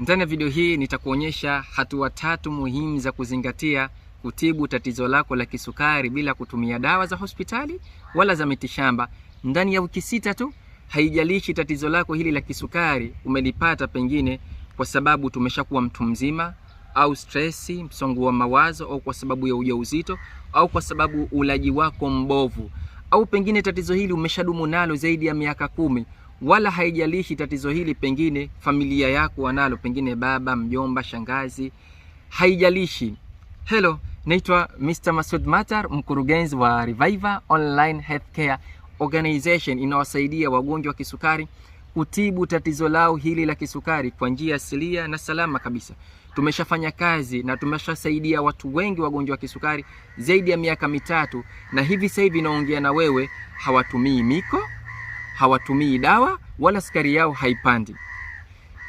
Ndani ya video hii nitakuonyesha hatua tatu muhimu za kuzingatia kutibu tatizo lako la kisukari bila kutumia dawa za hospitali wala za mitishamba ndani ya wiki sita tu. Haijalishi tatizo lako hili la kisukari umelipata pengine kwa sababu tumeshakuwa mtu mzima au stresi, msongo wa mawazo, au kwa sababu ya ujauzito, au kwa sababu ulaji wako mbovu, au pengine tatizo hili umeshadumu nalo zaidi ya miaka kumi wala haijalishi tatizo hili pengine familia yako wanalo, pengine baba, mjomba, shangazi, haijalishi. Hello, naitwa Mr. Masud Matar, mkurugenzi wa Reviva Online Healthcare Organization inawasaidia wagonjwa wa kisukari kutibu tatizo lao hili la kisukari kwa njia asilia na salama kabisa. Tumeshafanya kazi na tumeshasaidia watu wengi wagonjwa wa kisukari zaidi ya miaka mitatu, na hivi sasa hivi naongea na wewe hawatumii miko hawatumii dawa wala sukari yao haipandi.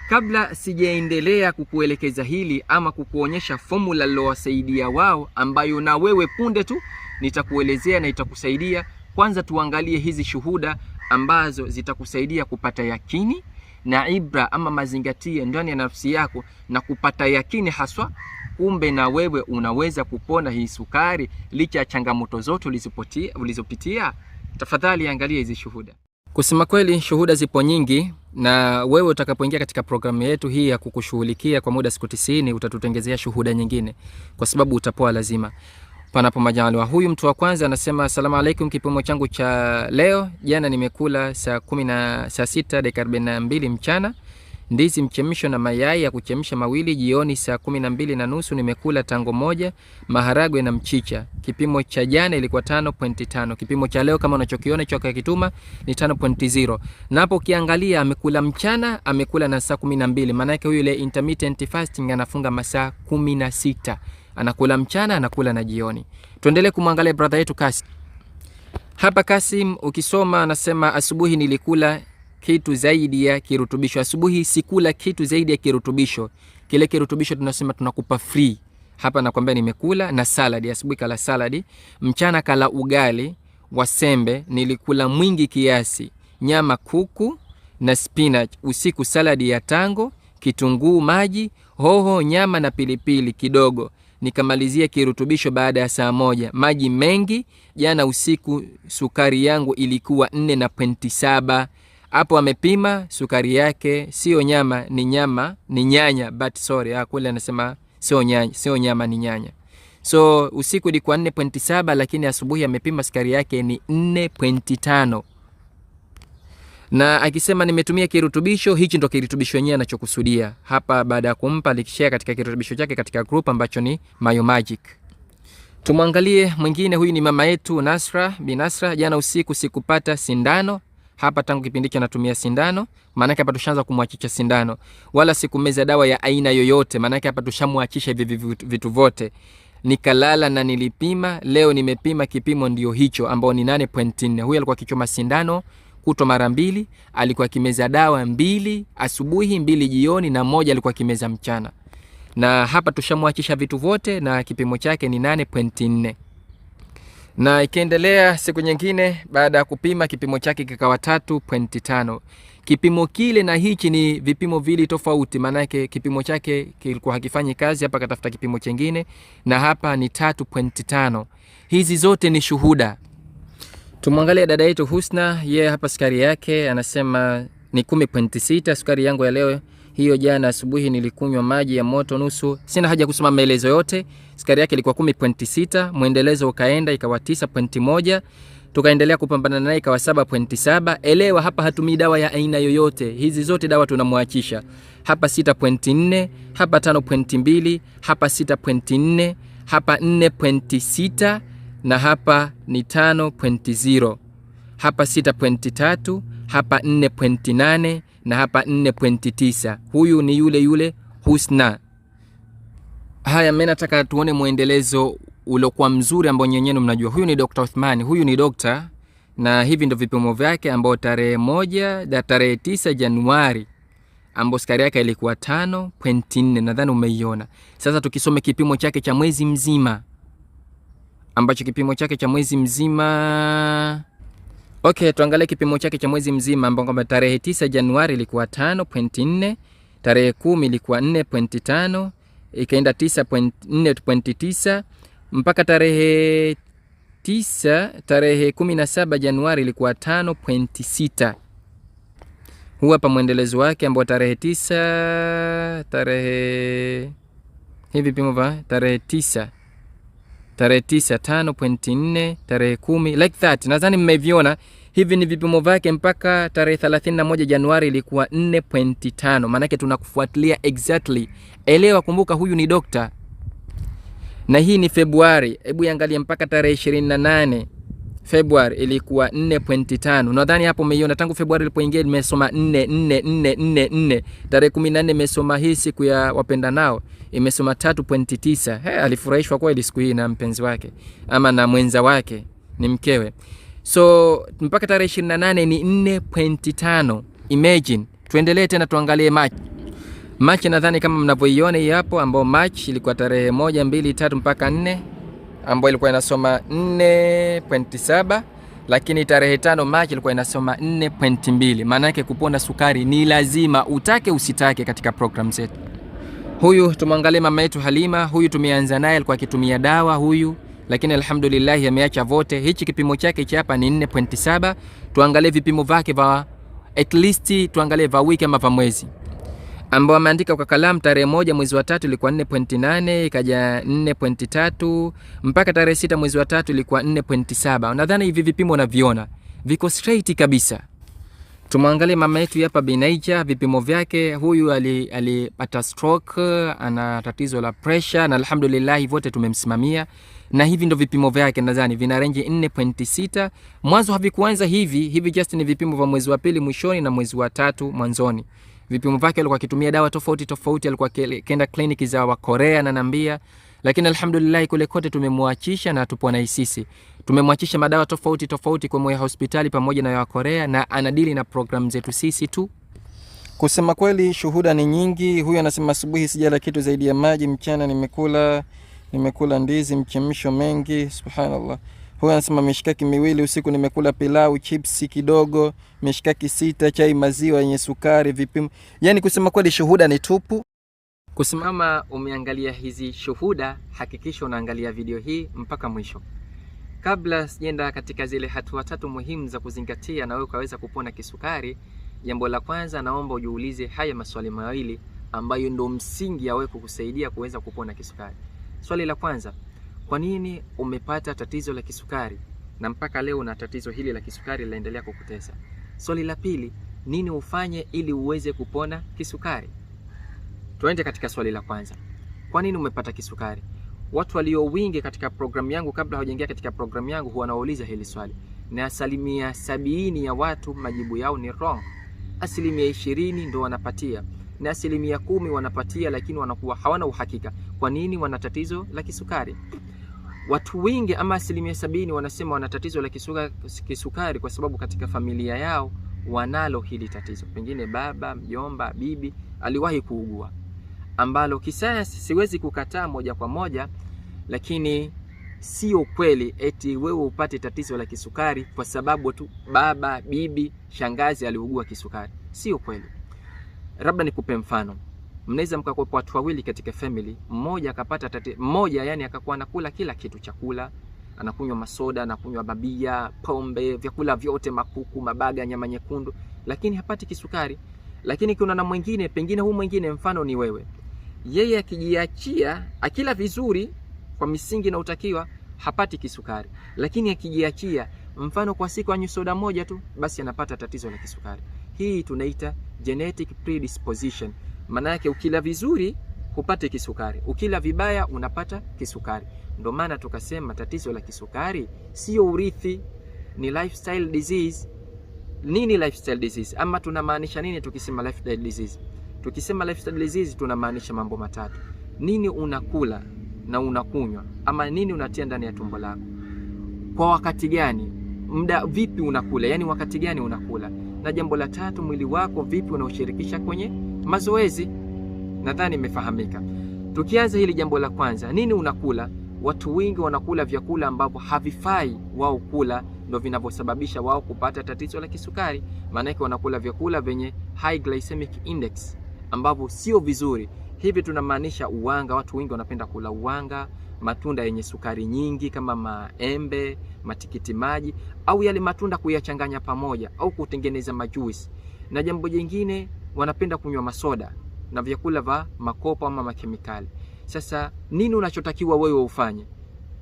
Kabla sijaendelea kukuelekeza hili ama kukuonyesha fomula lilowasaidia wao, ambayo na wewe punde tu nitakuelezea na itakusaidia, kwanza tuangalie hizi shuhuda ambazo zitakusaidia kupata yakini na ibra ama mazingatie ndani ya nafsi yako na kupata yakini haswa, kumbe na wewe unaweza kupona hii sukari licha ya changamoto zote ulizopitia. Tafadhali angalia hizi shuhuda. Kusema kweli, shuhuda zipo nyingi, na wewe utakapoingia katika programu yetu hii ya kukushughulikia kwa muda siku 90 utatutengezea shuhuda nyingine, kwa sababu utapoa lazima panapo majaliwa. Huyu mtu wa kwanza anasema asalamu alaikum, kipimo changu cha leo jana nimekula saa 10 na saa 6 dakika 42 mchana ndizi mchemsho na mayai ya kuchemsha mawili jioni saa kumi na mbili na nusu nimekula tango moja, maharagwe na mchicha. Kipimo cha jana ilikuwa 5.5. Kipimo cha leo kama unachokiona choka ya kituma ni 5.0. Na hapo ukiangalia amekula mchana, amekula na saa 12. Maana yake huyu ile intermittent fasting anafunga masaa sita Anakula mchana, anakula na jioni. Tuendelee kumwangalia brother yetu kasi Hapa Kasim ukisoma anasema asubuhi nilikula kitu zaidi ya kirutubisho. Asubuhi sikula kitu zaidi ya kirutubisho. Kile kirutubisho tunasema tunakupa free. Hapa nakwambia nimekula na saladi. Asubuhi kala saladi, mchana kala ugali wa sembe, nilikula mwingi kiasi, nyama kuku na spinach. Usiku saladi ya tango, kitunguu maji, hoho, nyama na pilipili kidogo. Nikamalizia kirutubisho baada ya saa moja, maji mengi. Jana usiku sukari yangu ilikuwa nne na pwenti saba hapo amepima sukari yake, sio nyama ni nyama ni nyanya, but sorry, ah, kule anasema sio nyanya, sio nyama ni nyanya. So usiku ilikuwa 4.7 lakini asubuhi amepima sukari yake ni 4.5 na akisema nimetumia kirutubisho hichi, ndo kirutubisho yenyewe anachokusudia hapa. Baada ya kumpa likishare katika kirutubisho chake katika group ambacho ni Mayo Magic. Tumwangalie mwingine, huyu ni mama yetu Nasra Binasra. Jana usiku sikupata sindano hapa tangu kipindi hiki anatumia sindano, maana yake hapa tushaanza kumwachisha sindano, wala sikumeza dawa ya aina yoyote, maana yake hapa tushamwachisha hivi vitu vyote. Nikalala na nilipima, leo nimepima, kipimo ndio hicho ambao ni 8.4. Huyu alikuwa akichoma sindano kuto mara mbili, alikuwa akimeza dawa mbili asubuhi, mbili jioni na moja alikuwa akimeza mchana, na hapa tushamwachisha vitu vyote na kipimo chake ni 8.4 na ikiendelea siku nyingine baada ya kupima kipimo chake kikawa 3.5. Kipimo kile na hichi ni vipimo vili tofauti, maanake kipimo chake kilikuwa hakifanyi kazi, hapa katafuta kipimo chengine na hapa ni 3.5. Hizi zote ni shuhuda. Tumwangalie dada yetu Husna, yeye hapa sukari yake anasema ni 10.6, sukari yangu ya leo hiyo jana asubuhi nilikunywa maji ya moto nusu. Sina haja kusoma maelezo yote. Sukari yake ilikuwa 10.6, mwendelezo ukaenda ikawa 9.1, tukaendelea kupambana naye ikawa 7.7. Elewa hapa hatumii dawa ya aina yoyote, hizi zote dawa tunamwachisha. Hapa 6.4, hapa 5.2, hapa 6.4, hapa 4.6 na hapa ni 5.0, hapa 6.3, hapa 4.8 na hapa 4.9. Huyu ni yule yule Husna. Haya, mimi nataka tuone mwendelezo uliokuwa mzuri ambao nyenyenu mnajua. Huyu ni Dr. Uthmani, huyu ni dokta, na hivi ndio vipimo vyake ambao tarehe moja na tarehe tisa Januari ambao sukari yake ilikuwa 5.4, nadhani umeiona. Sasa tukisome kipimo chake cha mwezi mzima ambacho kipimo chake cha mwezi mzima Okay, tuangalie kipimo chake cha mwezi mzima ambao kwamba tarehe 9 Januari ilikuwa 5.4, tarehe 10 ilikuwa 4.5, ikaenda 9.4.9 mpaka tarehe 9, tarehe 17 Januari ilikuwa 5.6. Huu hapa mwendelezo wake ambao tarehe 9 tarehe hivi vipimo vya tarehe 9 tarehe pointi nne tarehe kumi like that. Nadhani mmeviona hivi ni vipimo vyake mpaka tarehe moja Januari ilikuwa tano Maanake tunakufuatilia exactly. Elewa, kumbuka huyu ni dokta na hii ni Februari. Hebu iangalie mpaka tarehe na nane Februari ilikuwa 4.5. Nadhani hapo umeiona tangu Februari ilipoingia nimesoma 4 4 4 4 Tarehe 14 imesoma hii siku ya wapenda nao imesoma 3.9. He, alifurahishwa kwa ile siku hii na mpenzi wake ama na mwenza wake ni mkewe. So mpaka tarehe 28 ni 4.5. Imagine. Tuendelee tena tuangalie March. March nadhani kama mnavyoiona hii hapo ambao March ilikuwa tarehe 1 2 3 mpaka nne ambayo ilikuwa inasoma 4.7 lakini tarehe tano Machi ilikuwa inasoma 4.2. Maana yake kuponda sukari ni lazima, utake usitake, katika program zetu. Huyu tumwangalie mama yetu Halima. Huyu tumeanza naye alikuwa akitumia dawa huyu, lakini alhamdulillah ameacha vote. Hichi kipimo chake cha hapa ni 4.7. Tuangalie vipimo vyake va at least, tuangalie va wiki ama va mwezi ambao ameandika kwa kalamu tarehe moja mwezi wa tatu ilikuwa 4.8 ikaja 4.3 mpaka tarehe sita mwezi wa tatu ilikuwa 4.7. Nadhani hivi vipimo unaviona viko straight kabisa. Tumwangalie mama yetu hapa Binaija, vipimo vyake. Huyu alipata ali stroke, ana tatizo la pressure na alhamdulillah vote tumemsimamia, na hivi ndo vipimo vyake, nadhani vina range 4.6. Mwanzo havikuanza hivi hivi, just ni vipimo vya mwezi wa pili mwishoni na mwezi wa tatu mwanzoni vipimo vyake alikuwa akitumia dawa tofauti tofauti, alikuwa kenda kliniki za Wakorea na nambia, lakini alhamdulilahi kule kote tumemwachisha na tupo na sisi tumemwachisha madawa tofauti tofauti kwa ya hospitali pamoja na ya Korea, na anadili na program zetu sisi tu. Kusema kweli, shuhuda ni nyingi. Huyu anasema asubuhi sijala kitu zaidi ya maji, mchana nimekula nimekula ndizi mchemsho mengi, subhanallah. Huyu anasema mishikaki miwili usiku, nimekula pilau, chipsi kidogo, mishikaki sita, chai maziwa yenye sukari, vipimo. Yaani kusema kweli shuhuda ni tupu. Kusimama umeangalia hizi shuhuda, hakikisha unaangalia video hii mpaka mwisho. Kabla sijaenda katika zile hatua tatu muhimu za kuzingatia na wewe ukaweza kupona kisukari, jambo la kwanza, naomba ujiulize haya maswali mawili ambayo ndo msingi ya wewe kukusaidia kuweza kupona kisukari. Swali la kwanza kwa nini umepata tatizo la kisukari na mpaka leo una tatizo hili la kisukari linaendelea kukutesa? Swali la pili, nini ufanye ili uweze kupona kisukari? Tuende katika swali la kwanza, kwa nini umepata kisukari? Watu walio wingi katika programu yangu, kabla hawajaingia katika programu yangu, huwa wanauliza hili swali, na asilimia sabini ya watu majibu yao ni wrong. Asilimia ishirini ndo wanapatia na asilimia kumi wanapatia, lakini wanakuwa hawana uhakika. Kwa nini wana tatizo la kisukari? Watu wengi ama asilimia sabini wanasema wana tatizo la kisuka, kisukari kwa sababu katika familia yao wanalo hili tatizo, pengine baba, mjomba, bibi aliwahi kuugua, ambalo kisayansi siwezi kukataa moja kwa moja, lakini sio kweli eti wewe upate tatizo la kisukari kwa sababu tu baba, bibi, shangazi aliugua kisukari. Sio kweli. Labda nikupe mfano mnaweza mkakwepo watu wawili katika family, mmoja akapata tati, mmoja yani akakuwa anakula kila kitu, chakula anakunywa masoda, anakunywa babia, pombe, vyakula vyote, makuku, mabaga, nyama nyekundu, lakini hapati kisukari. Lakini kuna na mwingine, pengine huu mwingine mfano ni wewe, yeye akijiachia, akila vizuri kwa misingi inayotakiwa hapati kisukari, lakini akijiachia, mfano kwa siku anywe soda moja tu, basi anapata tatizo la kisukari. Hii tunaita genetic predisposition. Maana yake ukila vizuri hupate kisukari, ukila vibaya unapata kisukari. Ndio maana tukasema tatizo la kisukari sio urithi, ni lifestyle disease. Nini lifestyle disease? Ama tunamaanisha nini tukisema lifestyle disease? Tukisema lifestyle disease tunamaanisha mambo matatu: nini unakula na unakunywa, ama nini unatia ndani ya tumbo lako, kwa wakati gani, muda vipi unakula, yani wakati gani unakula, na jambo la tatu, mwili wako vipi unaoshirikisha kwenye mazoezi. Nadhani imefahamika. Tukianza hili jambo la kwanza, nini unakula? Watu wengi wanakula vyakula ambavyo havifai wao kula, ndio vinavyosababisha wao kupata tatizo la kisukari. Maanake wanakula vyakula vyenye high glycemic index ambavyo sio vizuri. Hivi tunamaanisha uwanga. Watu wengi wanapenda kula uwanga, matunda yenye sukari nyingi kama maembe, matikiti maji, au yale matunda kuyachanganya pamoja, au kutengeneza majuisi. Na jambo jingine wanapenda kunywa masoda na vyakula vya makopo ama makemikali. Sasa nini unachotakiwa wewe ufanye?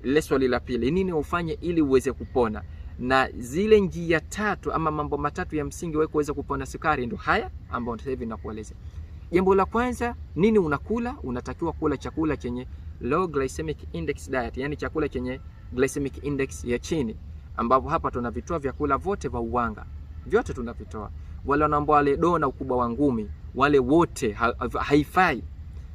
Ile swali la pili, nini ufanye ili uweze kupona? Na zile njia tatu ama mambo matatu ya msingi wewe kuweza kupona sukari ndo haya ambayo sasa hivi nakueleza. Jambo la kwanza, nini unakula? Unatakiwa kula chakula chenye low glycemic index diet, yani chakula chenye glycemic index ya chini, ambapo hapa tunavitoa vyakula vyote vya uwanga, vyote tunavitoa wale wanaomba wale do na ukubwa wa ngumi wale wote ha, haifai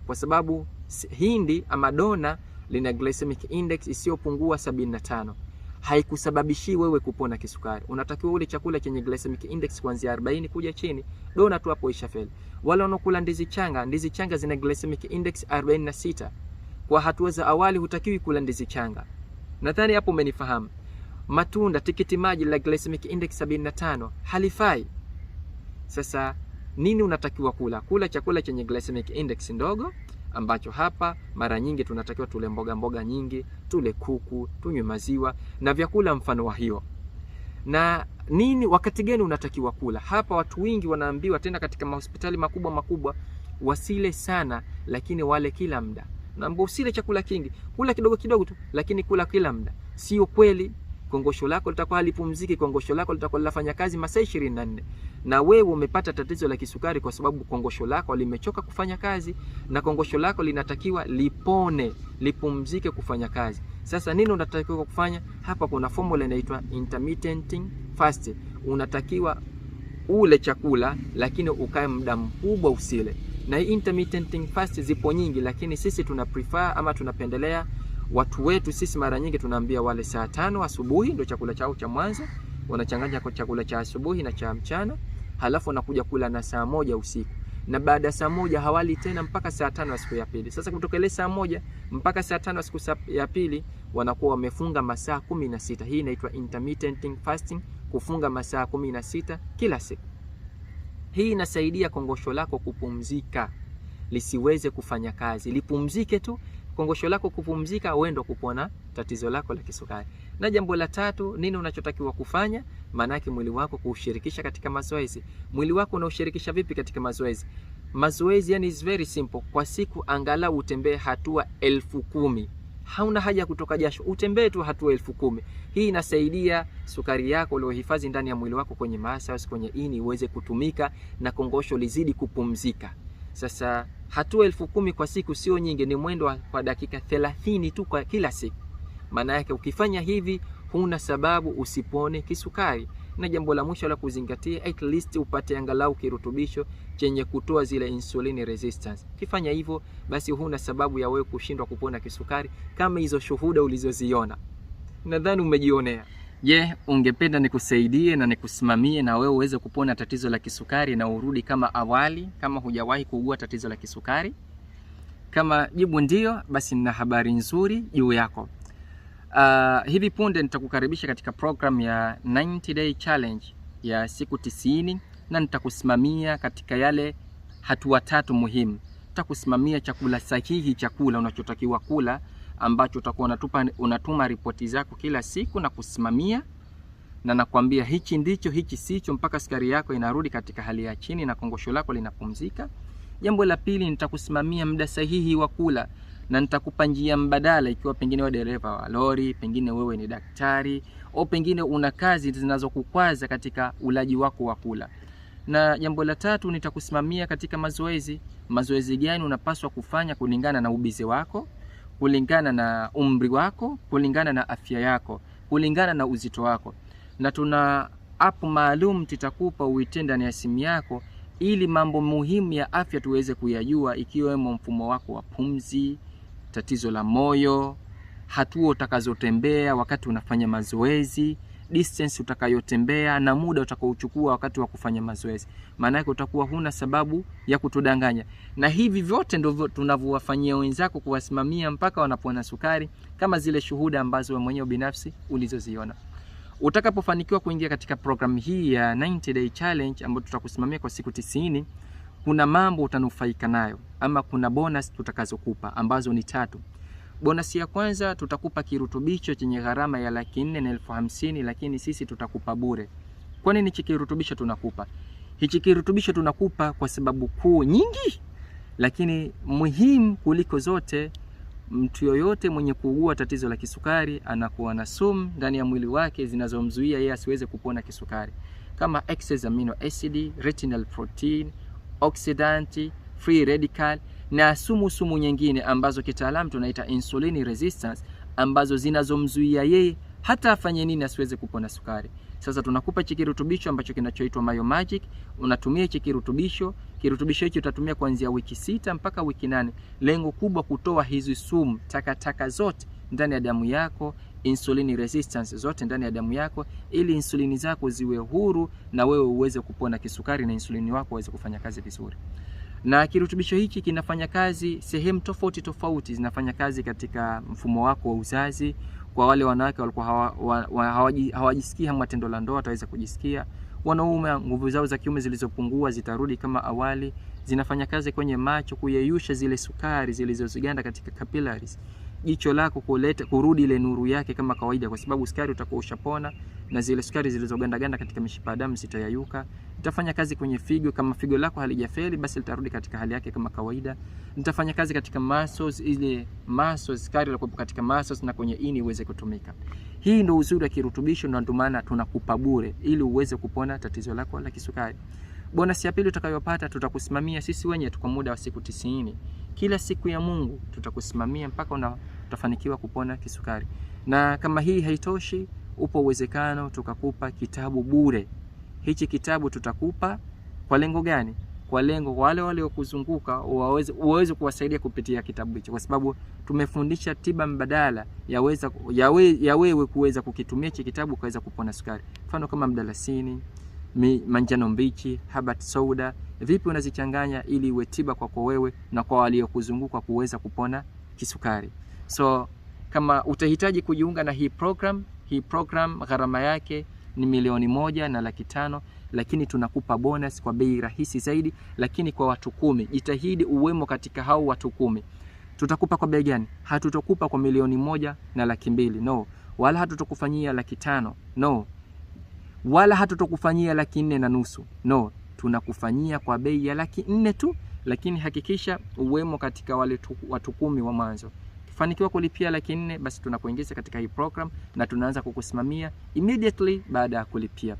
kwa sababu hindi ama dona lina glycemic index isiyopungua 75. haikusababishii wewe kupona kisukari. Unatakiwa ule chakula chenye glycemic index kuanzia 40 kuja chini. Dona tu hapo ishafeli. Wale wanaokula ndizi changa, ndizi changa zina glycemic index 46. Kwa hatua za awali hutakiwi kula ndizi changa. Nadhani hapo umenifahamu. Matunda, tikiti maji la glycemic index 75 halifai. Sasa nini unatakiwa kula? Kula chakula chenye glycemic index ndogo, ambacho hapa mara nyingi tunatakiwa tule mboga mboga nyingi, tule kuku, tunywe maziwa na vyakula mfano wa hiyo. Na nini, wakati gani unatakiwa kula? Hapa watu wengi wanaambiwa, tena katika mahospitali makubwa makubwa, wasile sana, lakini wale kila muda. Naambiwa usile chakula kingi, kula kidogo kidogo tu, lakini kula kila muda. Sio kweli kongosho lako litakuwa halipumziki, kongosho lako litakuwa linafanya kazi masaa 24. Na wewe umepata tatizo la kisukari kwa sababu kongosho lako limechoka kufanya kazi, na kongosho lako linatakiwa lipone, lipumzike kufanya kazi. Sasa nini unatakiwa kufanya hapa? Kuna formula inaitwa intermittent fast. Unatakiwa ule chakula lakini ukae muda mkubwa usile, na intermittent fast zipo nyingi, lakini sisi tuna prefer ama tunapendelea Watu wetu sisi mara nyingi tunaambia wale saa tano asubuhi ndio chakula chao cha mwanzo, wanachanganya kwa chakula cha asubuhi na cha mchana, halafu wanakuja kula na saa moja usiku na baada ya saa moja hawali tena mpaka saa tano ya siku ya pili. Sasa kutoka ile saa moja mpaka saa tano ya siku ya pili wanakuwa wamefunga masaa kumi na sita. Hii inaitwa intermittent fasting, kufunga masaa kumi na sita kila siku. Hii inasaidia kongosho lako kupumzika lisiweze kufanya kazi, lipumzike tu kongosho lako kupumzika, uendo kupona tatizo lako la kisukari. Na jambo la tatu, nini unachotakiwa kufanya? Maanake mwili wako kuushirikisha katika mazoezi. Mwili wako unaushirikisha vipi katika mazoezi? Mazoezi yani is very simple. Kwa siku angalau utembee hatua elfu kumi. Hauna haja kutoka jasho, utembee tu hatua elfu kumi. Hii inasaidia sukari yako uliohifadhi ndani ya mwili wako kwenye maasa, kwenye ini iweze kutumika na kongosho lizidi kupumzika. Sasa hatua elfu kumi kwa siku sio nyingi, ni mwendo kwa dakika thelathini tu kwa kila siku. Maana yake ukifanya hivi huna sababu usipone kisukari. Na jambo la mwisho la kuzingatia, at least upate angalau kirutubisho chenye kutoa zile insulin resistance. Ukifanya hivyo, basi huna sababu ya wewe kushindwa kupona kisukari, kama hizo shuhuda ulizoziona. Nadhani umejionea. Je, ungependa nikusaidie na nikusimamie na wewe uweze kupona tatizo la kisukari na urudi kama awali kama hujawahi kuugua tatizo la kisukari? Kama jibu ndio, basi nina habari nzuri juu yako. Uh, hivi punde nitakukaribisha katika program ya 90 day challenge ya siku tisini na nitakusimamia katika yale hatua tatu muhimu. Nitakusimamia chakula sahihi, chakula unachotakiwa kula ambacho utakuwa unatupa, unatuma ripoti zako kila siku na kusimamia na nakwambia hichi ndicho hichi sicho, mpaka sukari yako inarudi katika hali ya chini na kongosho lako linapumzika. Jambo la pili, nitakusimamia muda sahihi wa kula na nitakupa njia mbadala, ikiwa pengine wewe dereva wa lori, pengine wewe ni daktari, au pengine una kazi zinazokukwaza katika ulaji wako wa kula. Na jambo la tatu, nitakusimamia katika mazoezi. Mazoezi gani unapaswa kufanya kulingana na ubize wako kulingana na umri wako, kulingana na afya yako, kulingana na uzito wako, na tuna app maalum tutakupa uite ndani ya simu yako ili mambo muhimu ya afya tuweze kuyajua, ikiwemo mfumo wako wa pumzi, tatizo la moyo, hatua utakazotembea wakati unafanya mazoezi distance utakayotembea na muda utakaochukua wakati wa kufanya mazoezi. Maana yake utakuwa huna sababu ya kutudanganya, na hivi vyote ndio tunavyowafanyia wenzako, kuwasimamia mpaka wanapona sukari, kama zile shuhuda ambazo wewe mwenyewe binafsi ulizoziona. Utakapofanikiwa kuingia katika programu hii ya 90 day challenge ambayo tutakusimamia kwa siku tisini, kuna mambo utanufaika nayo, ama kuna bonus tutakazokupa ambazo ni tatu. Bonasi ya kwanza tutakupa kirutubisho chenye gharama ya laki nne na elfu hamsini lakini sisi tutakupa bure. Kwa nini hichi kirutubisho tunakupa? Hichi kirutubisho tunakupa kwa sababu kuu nyingi, lakini muhimu kuliko zote, mtu yoyote mwenye kuugua tatizo la kisukari anakuwa na sumu ndani ya mwili wake zinazomzuia yeye asiweze kupona kisukari, kama excess amino acid, retinal protein, oxidant, free radical na sumu sumu nyingine ambazo kitaalamu tunaita insulin resistance ambazo zinazomzuia yeye hata afanye nini asiweze kupona sukari. Sasa tunakupa hichi kirutubisho ambacho kinachoitwa Mayo Magic, unatumia hichi kirutubisho. Kirutubisho hicho utatumia kuanzia wiki sita mpaka wiki nane, lengo kubwa kutoa hizi sumu takataka zote ndani ya damu yako, insulin resistance zote ndani ya damu yako, ili insulini zako ziwe huru na wewe uweze kupona kisukari na insulini wako uweze kufanya kazi vizuri na kirutubisho hiki kinafanya kazi sehemu tofauti tofauti, zinafanya kazi katika mfumo wako wa uzazi. Kwa wale wanawake walikuwa hawajisikii hawa, hawa tendo la ndoa wataweza kujisikia. Wanaume nguvu zao za kiume zilizopungua zitarudi kama awali. Zinafanya kazi kwenye macho kuyeyusha zile sukari zilizoziganda katika capillaries jicho lako kuleta kurudi ile nuru yake kama kawaida, kwa sababu sukari utakuwa ushapona, na zile sukari zilizogandaganda katika mishipa ya damu zitayayuka. Nitafanya kazi kwenye figo, kama figo lako halijafeli basi litarudi katika hali yake kama kawaida. Nitafanya kazi katika muscles, ile muscles sukari ile katika muscles na kwenye ini iweze kutumika. Hii ndio uzuri wa kirutubisho, na ndio maana tunakupa bure ili uweze kupona tatizo lako la kisukari. Bonasi ya pili utakayopata, tutakusimamia sisi wenye tu kwa muda wa siku tisini. Kila siku ya Mungu tutakusimamia mpaka una, utafanikiwa kupona kisukari. Na kama hii haitoshi, upo uwezekano tukakupa kitabu bure. Hichi kitabu tutakupa kwa lengo gani? Kwa lengo wale waliokuzunguka waweze uweze kuwasaidia kupitia kitabu hicho, kwa sababu tumefundisha tiba mbadala yaweza ya wewe kuweza kukitumia hichi kitabu ukaweza kupona sukari, mfano kama mdalasini manjano mbichi, habat soda, vipi unazichanganya ili iwe tiba kwako wewe na kwa waliokuzunguka kuweza kupona kisukari. So kama utahitaji kujiunga na hii program, hii program gharama yake ni milioni moja na laki tano lakini tunakupa bonus kwa bei rahisi zaidi, lakini kwa watu kumi. Jitahidi uwemo katika hao watu kumi. Tutakupa kwa bei gani? Hatutokupa kwa milioni moja na laki mbili no, wala hatutokufanyia laki tano no wala hatutokufanyia laki nne na nusu. No, tunakufanyia kwa bei ya laki nne tu, lakini hakikisha uwemo katika wale watu kumi wa mwanzo. Fanikiwa kulipia laki nne, basi tunakuingiza katika hii program na tunaanza kukusimamia immediately baada ya kulipia.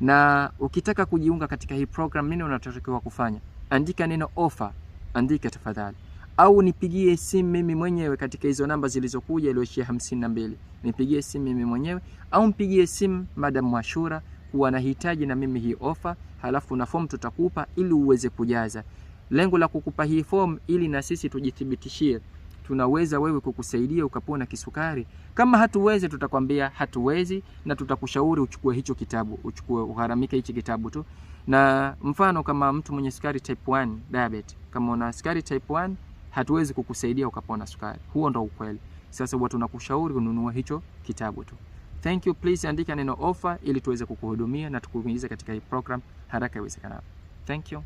Na ukitaka kujiunga katika hii program, nini unatakiwa kufanya? Andika neno offer, andika tafadhali au nipigie simu mimi mwenyewe katika hizo namba zilizokuja iliyoishia hamsini na mbili, nipigie simu mimi mwenyewe au mpigie simu Madam Mwashura kuwa nahitaji na mimi hii ofa, halafu na fomu tutakupa ili uweze kujaza. Lengo la kukupa hii fomu ili na sisi tujithibitishie tunaweza wewe kukusaidia ukapona kisukari. Kama hatuwezi, tutakwambia hatuwezi, na tutakushauri uchukue hicho kitabu, uchukue uharamike hichi kitabu tu. Na mfano kama mtu mwenye sukari type 1 diabetes, kama una sukari type 1 hatuwezi kukusaidia ukapona sukari. Huo ndo ukweli. Sasa huwa tunakushauri ununue hicho kitabu tu. Thank you, please andika neno offer ili tuweze kukuhudumia na tukuingize katika hii program haraka iwezekanavyo. Thank you.